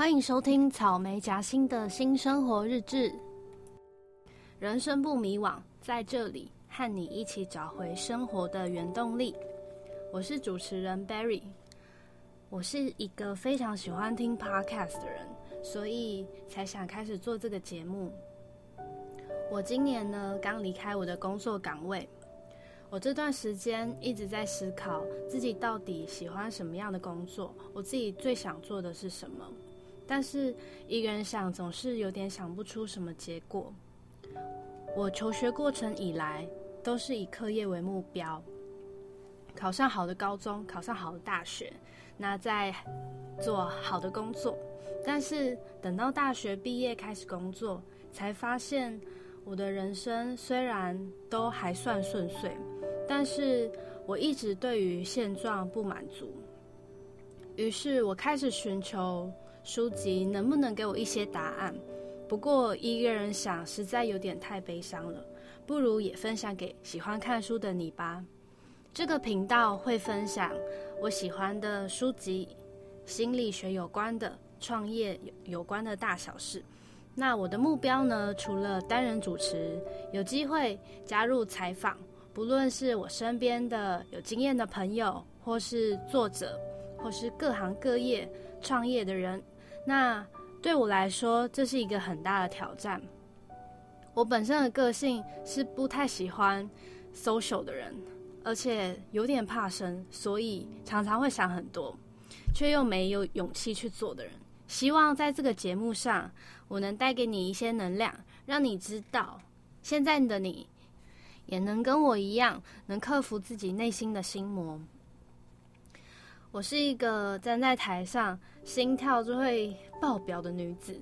歡迎收聽草莓夾心的新生活日誌。人生不迷惘，在這裡和你一起找回生活的原動力。我是主持人 Berry，我是一個非常喜歡聽 Podcast 的人，所以才想開始做這個節目。我今年呢，剛離開我的工作崗位，我這段時間一直在思考自己到底喜歡什麼樣的工作，我自己最想做的是什麼。但是一個人想總是有點想不出什麼結果。我求學過程以來都是以課業為目標，考上好的高中，考上好的大學，那再做好的工作。但是等到大學畢業開始工作，才發現我的人生雖然都還算順遂，但是我一直對於現狀不滿足。於是我開始尋求。書籍能不能給我一些答案？不過一個人想實在有點太悲傷了，不如也分享給喜歡看書的你吧。這個頻道會分享我喜歡的書籍、心理學有關的、創業有有關的大小事。那我的目標呢？除了單人主持，有機會加入採訪，不論是我身邊的有經驗的朋友，或是作者，或是各行各業創業的人。那對我來說，這是一個很大的挑戰。我本身的個性是不太喜歡 social 的人，而且有點怕生，所以常常會想很多，卻又沒有勇氣去做的人。希望在這個節目上，我能帶給你一些能量，讓你知道，現在的你也能跟我一樣，能克服自己內心的心魔。我是一個站在台上心跳就會爆表的女子。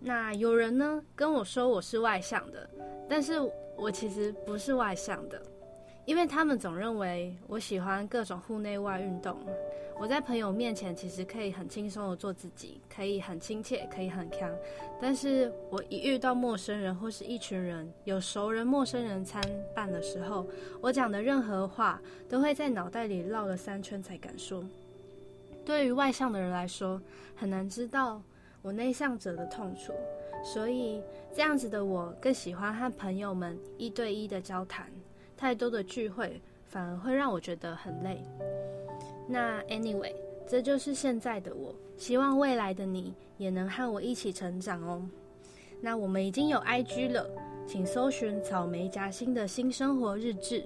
那有人呢，跟我說我是外向的，但是我其實不是外向的。因為他們總認為我喜歡各種戶內外運動，我在朋友面前其實可以很輕鬆的做自己，可以很親切，可以很強。但是我一遇到陌生人或是一群人，有熟人、陌生人參半的時候，我講的任何話都會在腦袋裡繞了三圈才敢說。對於外向的人來說，很難知道我內向者的痛楚，所以這樣子的我更喜歡和朋友們一對一的交談。太多的聚會反而會讓我覺得很累。那 anyway，這就是現在的我，希望未來的你也能和我一起成長哦。那我們已經有 IG 了，請搜尋草莓夾心的新生活日誌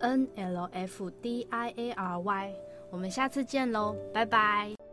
N L F D I A R Y。我們下次見嘍，拜拜。